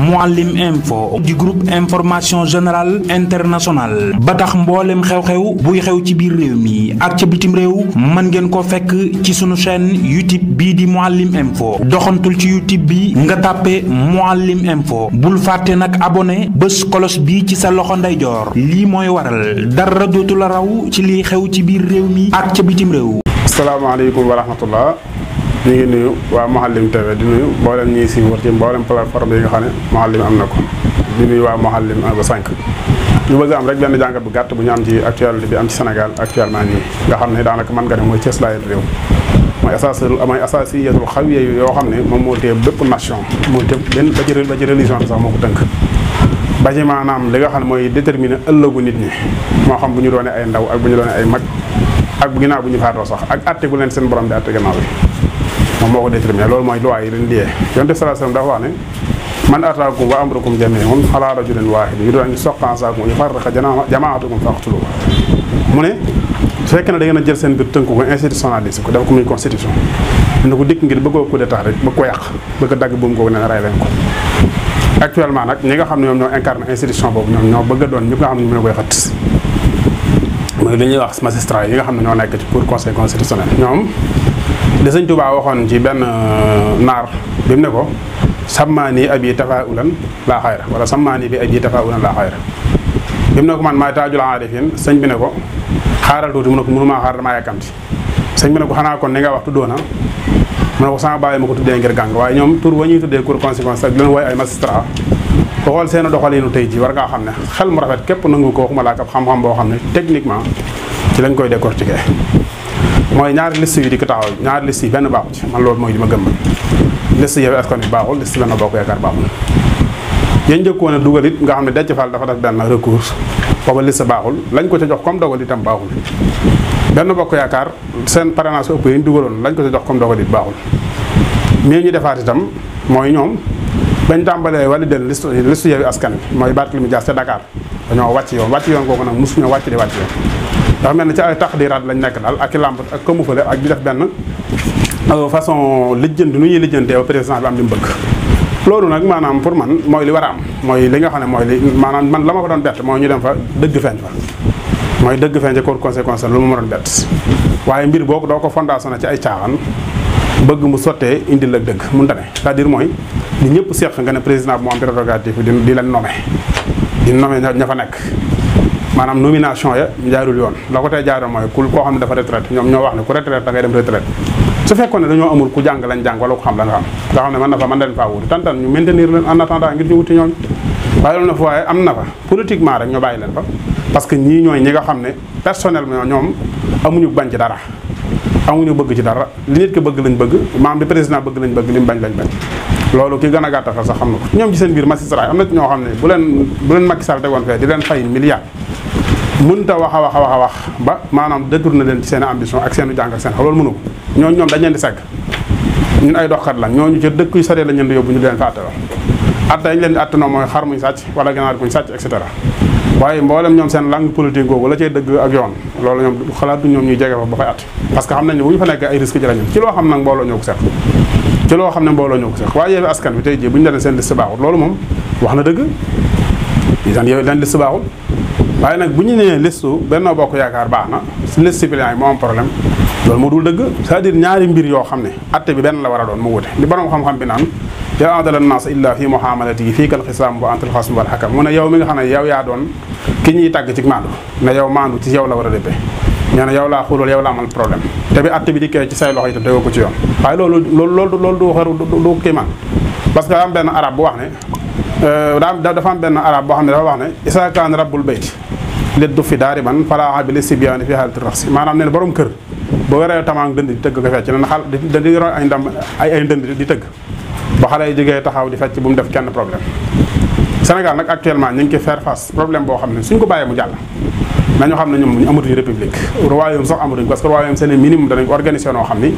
Mouhalim Info di groupe information générale internationale ba tax mboolem xew-xew buy xew ci biir réew mi ak ca bitim réew mën ngeen ko fekk ci sunu chaîne YouTube bii di Mouhalim Info doxantul ci YouTube bi nga tàppe Mouhalim Info bul fàtte nag abonné bés kolos bi ci sa loxo ndeyjoor lii mooy waral dara dootu la raw ci liy xew ci biir réew mi ak ca bitim réew. salaamaaleykum wa rahmatullah ñu ngi nuyu waa Mouhalim TV di nuyu mboolem ñuy suivre ci mboolem plateforme yi nga xam ne Mouhalim am na ko di nuyu waa Mouhalim 1 ba 5. ñu bëgg am rek benn jàngat bu gàtt bu ñu am ci actualité bi am ci Sénégal actuellement nii nga xam ne daanaka mën nga ne mooy cëslaayal réew mooy asas mooy asas yi yetul xaw yeeyu yoo xam ne moom moo téye bépp nation moo téye benn ba ci ba ci religion bi sax moo ko tënk ba ci maanaam li nga xam ne mooy déterminer ëllëgu nit ñi moo xam bu ñu doonee ay ndaw ak bu ñu doonee ay mag ak bu ginnaaw bu ñu faatoo sax ak atte bu leen seen borom bi atte gannaaw moom moo ko déterminé loolu mooy loi yi leen liyee yonent sallallahu alayhi wasallam dafa wax ne man ataakum wa amrukum jami'un ala rajulin wahid yuridu an yusaqqakum mu ne su fekkee ne jël seen biir tënku ko institutionnalisé ko def ko muy constitution dina ko dikk ngir bëggoo ko de tax rek bëgg ko yàq bëgg a dagg buum googu ne rey leen ko actuellement nag ñi nga xam ne ñoom ñoo incarné institution boobu ñoom ñoo bëgg a doon ñëpp nga xam ne ñu mën a koy xëtt yi nga xam ne ñoo nekk ci cour conseil constitutionnel ñoom li sëñ Tuubaa waxoon ci benn euh, naar bi mu ne ko sammaani abi tafaulan laa xayra wala sammaani bi abi tafaulan laa xayra bi mu ne ko man maay taajul aarifin sëñ bi ne ko xaaral tuuti mu ne ko mënumaa xaar damaa yàkkamti sëñ bi ne ko xanaa kon ni nga wax tuddoona mu ne ko sama bàyyi ma ko tuddee ngir gàng waaye ñoom tur wa ñuy tuddee cour conséquence ak leen wooy ay magistrat ko xool seen doxalinu tey ji war ngaa xam ne xel mu rafet képp nangu ko waxuma laa ak ab boo xam ne techniquement ci lañ koy décortiquer mooy ñaari liste yu di ko taxaw ñaari liste yi benn baaxu ci man loolu mooy li ma gëm liste Yewwi Askan Wi baaxul liste Benno Bokk Yaakaar baaxul yañ njëkkoon a dugal nga xam ne Déthié Fall dafa def benn recours booba liste baaxul lañ ko ca jox comme dogal itam baaxul Benno Bokk Yaakaar seen parrainage ëpp yi ñu dugaloon lañ ko ca jox comme dogal it baaxul mais ñu defaat itam mooy ñoom bañ tàmbalee wala del liste liste Yewwi Askan Wi mooy Barthélémy Dias ca Dakar dañoo wàcc yoon wàcc yoon kooku nag mosuñoo wàcc di wàcc yoon dafa mel ne ci ay taxdiraat lañ nekk daal ak i làmb ak këmufale ak di def benn euh, façon lijjanti nu ñuy lijjantee président bi am di mu bëgg loolu nag maanaam pour man mooy li war a am mooy li nga xam ne mooy li maanaam man la ma ko doon bett mooy ñu dem fa dëgg feeñ fa mooy dëgg feeñ ca cour conséquence lu ma doon bett waaye mbir boobu doo ko fondation na ci ay caaxaan bëgg mu sottee indil ak dëgg mun dane cest à mooy li ñëpp seq nga ne président bi moo am prérogative di leen nommer di nommé ña fa nekk maanaam nomination ya jaarul yoon la ko tey jaaroon mooy ku koo xam ne dafa retraite ñoom ñoo wax ne ku retraite da ngay dem retraite su fekkoon ne dañoo amul ku jàng lañ jàng wala ku xam la nga xam nga xam ne mën na fa mën dañ faa wuti tantan ñu maintenir leen en ngir ñu wuti ñooñu waaye loolu na fa waaye am na fa politiquement rek ñu bàyyi leen fa parce que ñii ñooy ñi nga xam ne personnellement ñoom amuñu bañ ci dara amuñu bëgg ci dara li bëgg lañ bëgg maam bi bëgg lañ bëgg li lañ bañ loolu ki gën a gàttaxal sax xam na ko ñoom ci seen biir magistrat am na ñoo xam ne bu leen bu leen Macky Sall tegoon fee di leen fay milliard mënut a wax a wax a wax a ba maanaam détourné leen ci seen ambition ak seenu jàng ak seen xel loolu mënu ko ñooñu ñoom dañ leen di segg ñun ay doxkat la ñooñu ci dëkk yu sore la ñu leen di yóbbu ñu leen fa àttaloo atte dañ leen di àttanoo mooy xar muñ sàcc wala ganaar kuñ sàcc et cetera waaye mboolem ñoom seen langue politique googu la jege fa ba fay at parce nañ ñu fa nekk ay risque ci lañu ci ci loo xam ne mbooloo ñoo ko sax waaye Yewwi Askan Wi tey jii bu ñu daan seen liste baaxul loolu moom wax na dëgg yi daan yow daan liste baaxul waaye nag bu ñu nee liste Benno Bokk Yaakaar baax na si liste suppléant yi moo am problème loolu moo dul dëgg cest à ñaari mbir yoo xam ne atte bi benn la war a doon mu wute li borom xam-xam bi naan yaa adala naas illa fi muhamalatihi fii kal xisaam wa antal xasm wal xakam mu ne yow mi nga xam ne yow yaa doon ki ñuy tàgg ci maandu ne yow maandu yow la war a dëppee nee na yow laa xulul yow laa amal problème te bi atte ci say loxo itam tegoo ko ci yoon waaye loolu loolu loolu du xaru du kiimaan parce que am benn arab bu wax ne euh, dafa am benn arab boo xam ne dafa wax ne isa kaan rabbul bayt lit du fi daari man fala abili sibiyaani fi xaalati raxsi maanaam nee na borom kër boo weree tamaang dënd di tëgg ko fecc nen xal di ro di tëgg ba xale yi jógee taxaw di fecc bu mu def kenn problème Sénégal nag actuellement ñu ngi koy faire face problème boo xam ne suñ ko bàyyee mu jàll nañu xam na ñoom amatuñu république royaume sax amatuñu parce que royaume seen minimum danañ ko organisé noo xam ni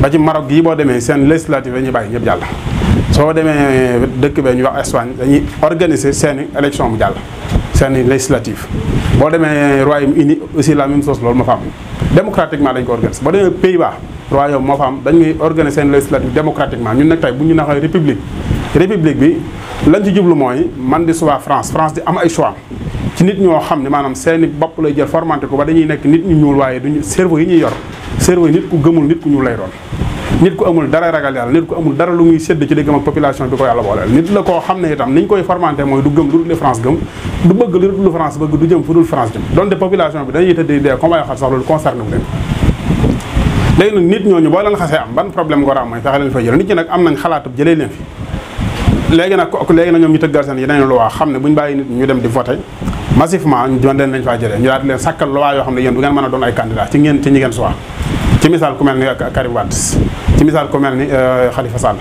ba ci Maroc gii boo demee seen législative la bàyyi ñëpp jàll. soo demee dëkk bee ñu wax Espagne dañuy organiser seen i élection mu jàll seen i législative boo demee Royaume-Uni aussi la même chose loolu moo fa am démocratiquement dañu ko organiser boo demee Pays-Bas royaume moo fa dañuy organiser seen législative démocratiquement ñun nag bu ñu naxee république république bi lañ ci jublu mooy man di suba France France di am ay choix ci nit ñoo xam ne maanaam seeni bopp lay jël formanté ko ba dañuy nekk nit ñu ñuul waaye duñu cerveau yi ñuy yor cerveau yi nit ku gëmul nit ku ñuul lay doon nit ku amul dara ragal yàlla nit ku amul dara lu muy sedd ci diggam ak population bi ko yàlla booleel ne itam ni ñu koy formanté mooy du gëm lu dul France gëm du bëgg lu dul France bëgg du leen nit ñooñu boo leen xasee am ban problème nga war a am mooy fexe leen fa jël nit ñi nag am nañ xalaatab jëlee leen fi léegi nag léegi nag ñoom ñu tëggal seen yeneen loi xam ne bu ñu bàyyi nit ñu dem di voté massivement ñu mën nañ faa jëlee ñu daal di leen sàkkal loi yoo xam ne du ngeen mën a doon ay candidat ci ñi ngeen soit ci misaal ku mel ni euh, Karim Wade ci misaal ku mel ni euh, Khalifa Sall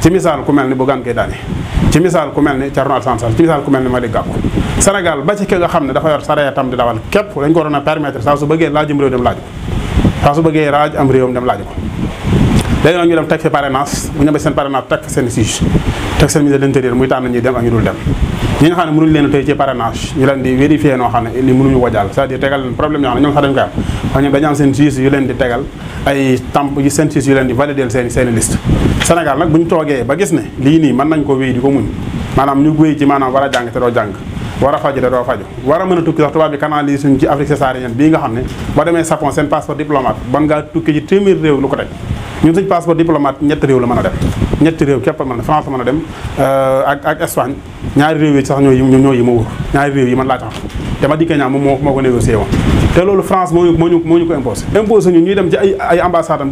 ci misaal ci misaal ku ni Thierno Alassane Sall ci misaal ku mel ni Malick Gakou Sénégal ba ci ki nga xam ne dafa yor sareetam di dawal képp dañ ko waroon a permettre saa su bëggee laajum réew dem laaj ko saa su bëggee raaj am réewam dem laaj ko léegi nag ñu dem teg fi parrainage bu ñu amee seen parrainage teg fa seen siège teg seen ministre de l'intérieur muy tànn ñuy dem ak ñu dul dem ñi nga xam ne mënuñu leen tey ci parrainage ñu leen di vérifier noo xam ne li mënuñu wajaal c'est-à-dire tegal leen problème yoo xam ne ñoom sax dañu koy am di tegal ay tamp yi seen siège yu leen di valider seen seen liste Sénégal nag bu ñu toogee ba gis ne lii nii mën nañ ko wéy di ko muñ maanaam ñu wéy ci maanaam war a jàng te doo ne ba demee Japon seen passeport ñun suñ passeport diplomate ñetti réew la mën a dem ñetti réew képp mën a France mën a dem euh, ak réew yi sax ñoo ñoo yi ma réew yi man laa tax te ma dikkee ñaa moom moo moo ko négocié woon te loolu France moo moo ñu moo ñu dem ci ay ay ambassade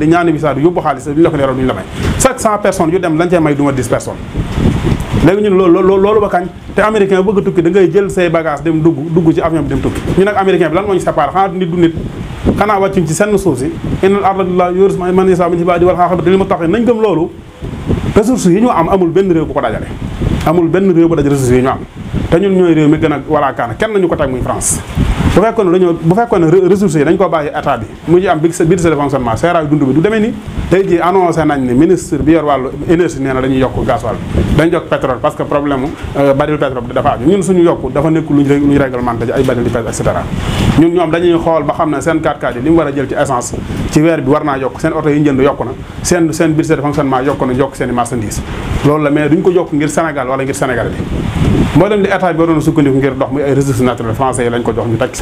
la may du ma dix personnes léegi ñun loolu loolu ba kañ te américain bëgg tukki da jël say bagage dem dugg dugg ci avion bi dem tukki ñu nag américain bi lan moo ñu séparé xanaa nit du nit xanaa wàccuñ ci senn suuf si innal arda lillahi yuris man yasaa min ibaadi wal aqibatu lil muttaqin nañ gëm loolu ressources yi ñu am amul benn réew bu ko dajale amul benn réew bu daj ressources yi ñu am te ñun ñooy réew mi gën a walaa kaana kenn nañu ko teg muy France bu fekkoon ne dañoo bu fekkoon ne ressources yi état bi mu ci am bi budget de fonctionnement seeraayu dund bi du demee ni tey jii annoncé nañ ne ministre bi yor wàllu énergie nee na dañuy yokk gasoil bi dañ yokk pétrole parce que problème euh, baril pétrole dafa aju ñun suñu yokk dafa nekk luñ luñ ci ay baril pétrole et cetera ñun ñoom dañuy xool ba xam ne seen 4 x yi li war a jël ci essence ci weer bi war naa yokk seen oto yi njënd yokk na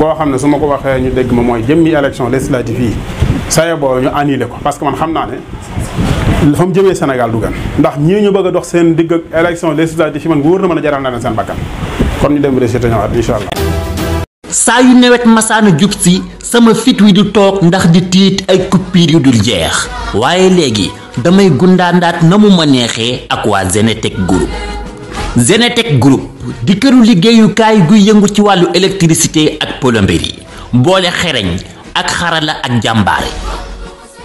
boo xam ne su ma ko waxee ñu dégg ma mooy jëmmi élection législative yi saye boo ñu annulé ko parce que man xam naa ne fa mu jëmee Sénégal du gan ndax ñii ñu bëgg a dox seen digg ak élection législative yi man wóor na mën a jaral na seen bakkan kon ñu dem rejeté ñëwaat incha allah. saa yu nawet masaana jub si sama fit wi du toog ndax di tiit ay kuppiir yu dul jeex waaye léegi damay gundaandaat na mu ma neexee ak waa Zenetech Group Zenetech Group di këru liggéeyukaay guy yëngu ci wàllu électricité ak plomberie mboole xereñ ak xarala ak jàmbaare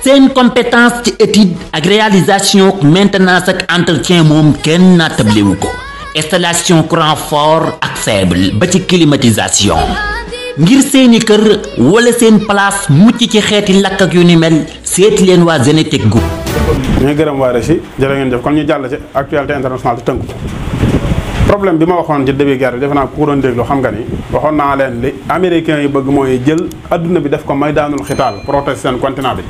seen compétence ci étude ak réalisation maintenance ak entretien moom kenn naattablewu ko installation courant fort ak faible ba ci climatisation ngir seeni kër wala seen place mucc ci xeeti lakk ak yu ni mel seeti leen waa Zenetech Group. ñu ngi gërëm waa Régis jërë ngeen jëf kon ñu jàll ci actualité internationale te tënku. problème bi ma waxoon ci début guerre bi defe naa ku doon déglu xam nga ni waxoon naa leen li américains yi bëgg mooy jël adduna bi def ko maydaanul xitaal protéger seen continent bi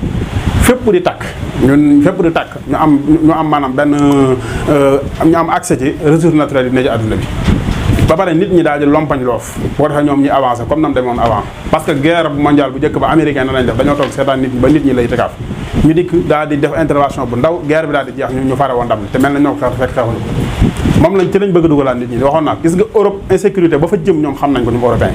fépp di takk ñun fépp di takk ñu am ñu am maanaam benn euh, ñu am accès ci ressources naturelles yi ne ci adduna bi ba pare nit ñi daal di lompañ loof boo defee ñoom ñi avancé comme nam demoon avant parce que guerre mondiale bu njëkk ba américain na lañ def dañoo toog seetaan ba nit ñi lay tëkkaaf ñu daal di def intervention bu ndaw guerre bi daal di ñu fare woon ndam te mel moom lañ ci lañ bëgg dugalaat nit ñi waxoon naa gis nga Europe insécurité ba fa jëm ñoom xam nañ ko ñoom européen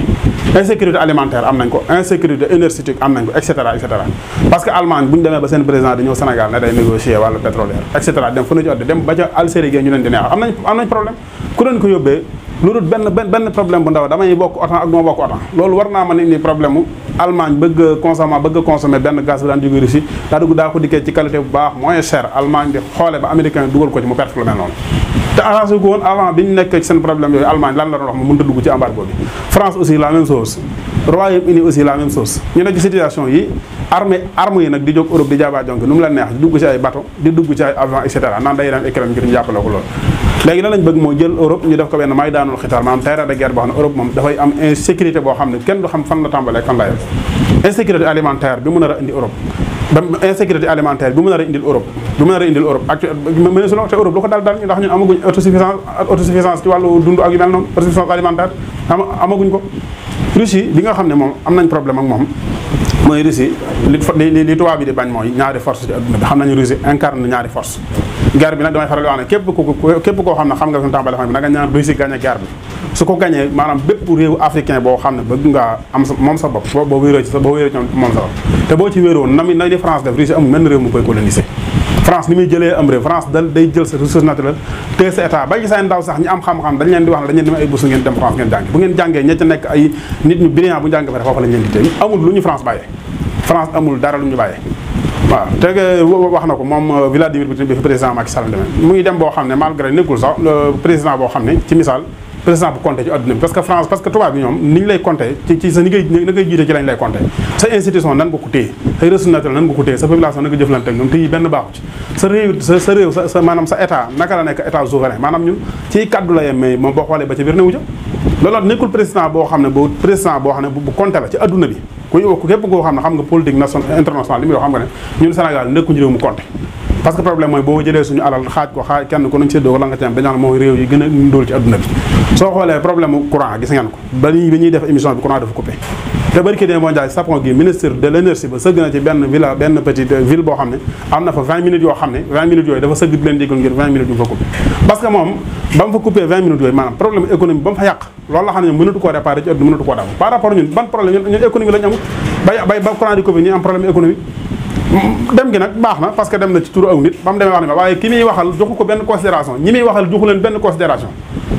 insécurité alimentaire am nañ ko insécurité énergétique am nañ ko et cetera et cetera parce que Allemagne bu ñu demee ba seen président di ñëw Sénégal ne day négocier wàllu pétrolière et cetera dem fa na ci odde dem ba ca Algérie ñu leen di neex am nañ am nañ problème ku leen ko yóbbee lu dul benn benn problème bu ndaw damay bokk otan ak duma bokk otan a indi problème mu Allemagne benn gaz bi daan jóge Russie daa dugg daa ko ko ci mu perte te arrangé ko woon avant bi ñu nekkee ci seen problème yooyu Allemagne lan la doon wax mu a dugg ci embargo bi France aussi la même chose Royaume-Uni aussi la même chose ñu ne ci situation yi armée arme yi nag di jóg Europe di jaabaa jonk nu mu la neex dugg ci ay bateau di dugg ci ay avion et naan day dem Ukraine ngir ñu jël Europe ñu def ko benn may daanul xitaal maanaam terrain de guerre boo xam ne Europe moom dafay am insécurité boo xam ne kenn du xam fan la tàmbalee kan la yem insécurité bi mu nar a indi Europe ba insécurité alimentaire bi mu nar a indil Europe bi mu nar a indil Europe actuellement mënees na te Europe lu ko daal daal ñu ndax ñun amaguñ autosuffisance autosuffisance ci wàllu dund ak noonu autosuffisance alimentaire amaguñ ko. Russie bi nga xam ne moom am nañ problème ak moom mooy Russie li li tubaab bi di bañ mooy ñaari force ci adduna bi xam nañu Russie incarne ñaari force guerre bi nag damay faral di wax képp ku koo xam ne xam nga fi mu su ko gañee maanaam bépp réew africain boo xam ne bëgg ngaa am sa moom sa bopp boo boo wéeroo ci sa boo wéeroo ci moom sa bopp te boo ci wéeroo na mi na ni France def Russie amul ndaw sax am xam-xam dañ leen di wax ne ay bourse ngeen dem France ngeen jànge bu ngeen jàngee ña ca nekk ay nit ñu brillant bu ñu waaw te wax na ko moom euh, Vladimir président Macky Sall demee mu ngi dem boo xam ne malgré nekkul sax euh, président boo xam ne ci misaal président bu compté ci adduna bi parce que France parce que tubaab bi ñoom ni lay compté ci ci sa ni ngay na ngay lay compté sa institution nan nga yi sa réew sa maanaam sa état naka la nekk état souverain maanaam ñun ci kaddu la yem mais boo xoolee ba ca biir newu ca loolu président boo xam ne bu président boo xam ne bu compté la ci adduna bi ku képp koo xam ne xam nga politique internationale li muy wax xam nga ne ñun Sénégal parce que problème mooy boo jëlee suñu alal xaaj ko xaaj kenn ko la ci am ko ba ba mu fa coupé parce que yooyu maanaam problème économie ba mu fa yàq loolu la xam ne mënatu koo koo daw par rapport ñun am problème économique dem gi nag baax na parce que dem na ci turu aw nit ba mu demee wax ne ma waaye ki muy waxal joxu ko benn considération ñi muy waxal joxu leen benn considération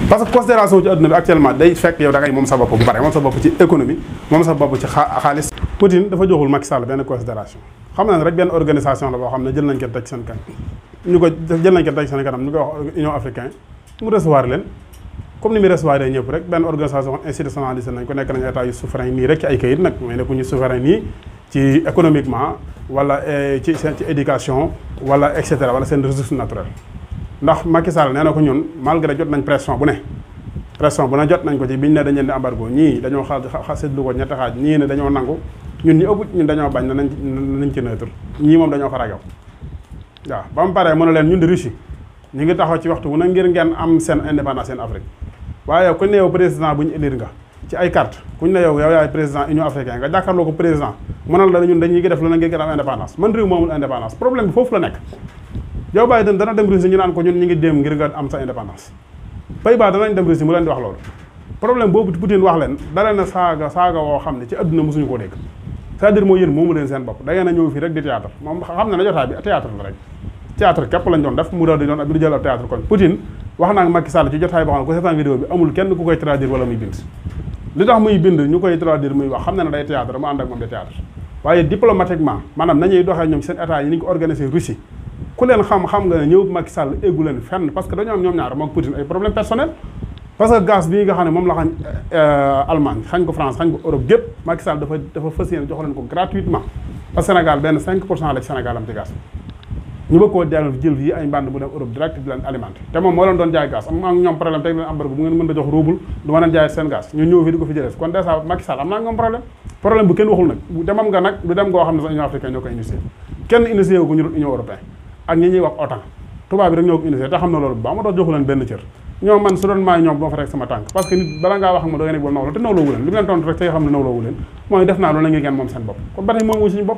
parce que ci adduna bi actuellement day fekk yow da moom sa bopp bu bare moom sa bopp ci économie moom sa bopp ci xaalis Poutine dafa joxul Macky benn considération xam na ne rek benn organisation la boo xam ne jël nañ ko teg seen kanam ñu ko jël nañ ko teg seen kanam ñu ko wax comme ni muy recevoir ñëpp rek benn organisation institutionnalisée nañ ko nekk nañ état yu souverain nii rek ci ay kayit nag mais nekkuñu souverain nii ci économiquement wala eh, ci seen ci éducation wala et cetera wala seen ressource naturelle ndax Macky Sall nee na ko ñun malgré jot nañ pression bu ne pression bu ne jot nañ ko ci bi ñu ne dañ leen di embargo ñii dañoo xaal séddlu ko ñetti xaaj ñii ne dañoo nangu ñun ñu ëpp ñun dañoo na nañ nañ ci neutre ñii moom dañoo ko ragal waaw ba mu paree mën na leen ñun di Russie ñu ngi taxaw ci waxtu wu ne ngir ngeen am seen indépendance seen Afrique waaye yow kuñ ne yow président bu ñu élire nga ci ay carte kuñ ne yow yow yaay président union africaine nga jàkkaarloo ko président mënal la la nekk Joe Biden dana dem Russie ngir nga am sa indépendance Pays-Bas danañ dem Russie mu leen di wax loolu problème boobu Poutine wax leen dalee na saaga saaga woo xam ne ci adduna mosuñu koo dégg c'est-à-dire mooy moomu leen seen bopp da ngeen a ñëw fii rek di théâtre moom xam na jotaay bi théâtre la rek théâtre képp wax naa Macky Sall ci jotaay boo xam ne ko seetaan bi amul kenn ku koy traduire wala muy bind li tax muy bind ñu koy traduire muy wax xam na ne day théâtre mu ànd ak moom day théâtre waaye diplomatiquement maanaam nañuy doxee ñoom seen état yi ni ñu ko organisé Russie ku leen xam xam nga ne ñëw Macky Sall éggu leen fenn parce que dañoo ñoom ñaar mook Poutine problème personnel parce que gaz bii nga xam ne moom la xañ euh, Allemagne xañ ko France xañ benn 5 pour cent la ci Sénégal ñu bëgg koo jël jël fii ay mbànd mu dem Europe direct di leen alimenté te moom moo leen doon jaay gaz am a ma ñoom problème problème bu nga nag du dem ngoo wax OTAN tubaab bi rek ñoo ko initié te xam na loolu bu baax ma doon benn cër ñoom man su doon maay ñoom boo fa rek sama tànk parce que nit bala ngaa wax ak ma doo ngeen bol nawloo te nawloowu leen li mu leen tontu te xam ne nawloowu leen mooy def naa loolu la ngeen moom seen bopp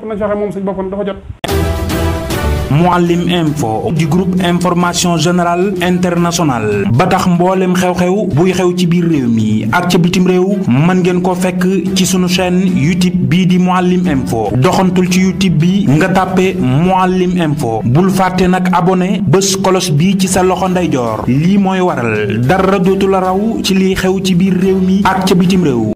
kon Mouhalim info du groupe information générale internationale ba tax mbooleem xew-xew buy xew ci biir réew mi ak ca bitim réew man ngeen ko fekk ci sunu chaine YouTube bii di Mouhalim info doxantul ci YouTube bi nga tàppe Mouhalim info bul fàtte nag abone bés kolos bi ci sa loxo ndeyjoor lii mooy waral dara dootu la raw ci liy xew ci biir réew mi ak ca bitim réew